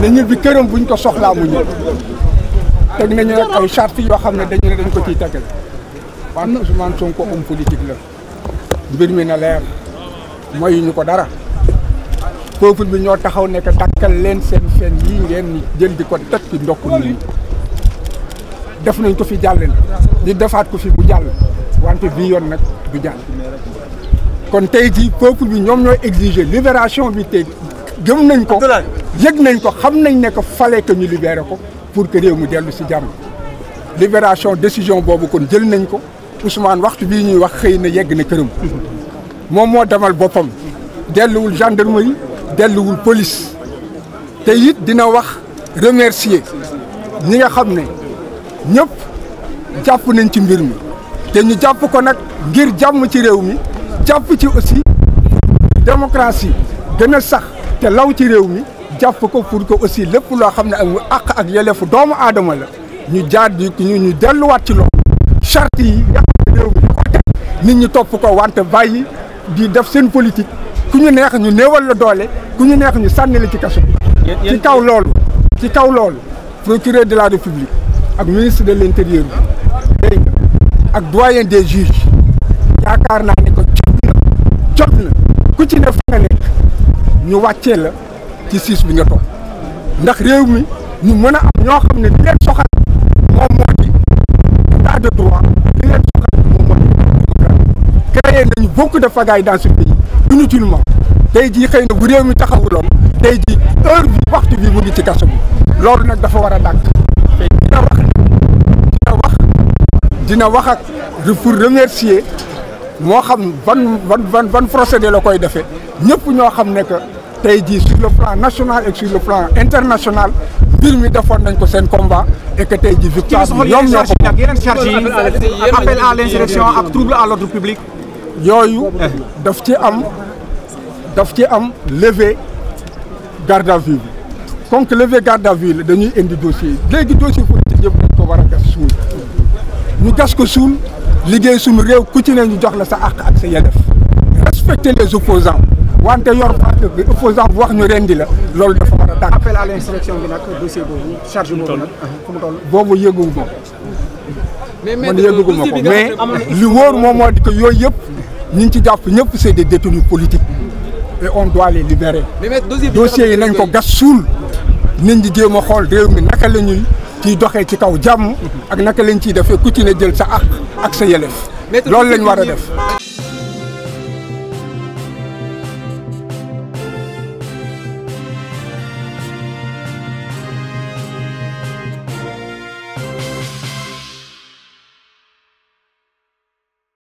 na ñibbi këram buñ ko soxlaa mu ñëw teg nañu nag ay charte yoo xam ne dañu ne dañ ko ciy tegal wante Ousmane Sonko homme politique la mbir mi na leer mooy ko dara peuple bi ñoo taxaw nekk takkal leen seen seen yi ngeen jël di ko teg ci ndokk nit def nañ ko fi jàll na ñu defaat ko fi bu jàll wante bii yoon nag du jàll kon tey jii peuple bi ñoom ñooy exiger libération bi tey gëm nañ ko yëg nañ ko xam nañ ne que fallait que ñu libéré ko pour que réew mi dellu si jàmm libération décision boobu kon jël nañ ko Ousmane waxtu bi ñuy wax xëy na yegg na këram moom moo demal boppam delluwul gendarmerie delluwul police te it dina wax remercier ñi nga xam ne ñëpp jàpp nañ ci mbir mi te ñu jàpp ko nag ngir jàmm ci réew mi jàpp ci aussi démocratie gën a sax te law ci réew mi jàpp ko pour que aussi lépp loo xam ne ak àq ak yeleefu doomu aadama la ñu jaar di ñu delluwaat ci loolu charte yi nit ñi topp ko wante bàyyi di def seen politique ku ñu neex ñu néewal la doole ku ñu neex ñu sànni la ci kaso ci kaw loolu ci kaw loolu procureur de la république ak ministre de l' intérieur bi dégg nga ak doyen des juges yaakaar naa ne ko jot na jot na ku ci ne fa nga ne ñu wàccee la ci siis bi nga toog ndax réew mi ñu mën a am ñoo xam ne di leen soxal moom moo di état de droit di leen soxal moom nañu beaucoup de pagaille dans ce pays inutilement tey jii xëy na bu réew mi taxawuloon tey jii heure bi waxtu bi mu ngi ci kaso bi loolu nag dafa war a dàkk te dina wax dina wax dina wax ak pour remercier moo xam ban ban ban procédé la koy defee ñëpp ñoo xam ne tey jii sur le plan national et sur le plan international mbir mi defoon dañ ko seen combat et que tey ji victoire bi ñoom ñoo ko. yeneen charges yi appel à l'insurrection ak trouble à l'ordre public. yooyu daf ci am daf ci am levé garde à vue bi comme que garde à vue dañuy indi dossier léegi dossier politique yëpp dañ ko war a gas suul ñu gas ko suul liggéey suñu réew ku ci ne ñu jox la sa ak ak sa yelleef respecter les opposants wante yor parti bi opposant bu wax ñu rendi la loolu dafa war a dàq. appel à l'insurrection bi nag dossier boobu charge boobu nag fu mu toll boobu yëgu ma ko. man yëgu ma ko mais li wóor moom moo di que yooyu yëpp ñi ngi ci jàpp ñëpp c'est des détenus politiques et on doit les libérer. dossier yi nañ ko gas suul nañ di jéem a xool réew mi naka la ñuy ciy doxee ci kaw jàmm ak naka lañ ciy defee ku ci ne jël sa àq ak sa yelef loolu lañ war a def.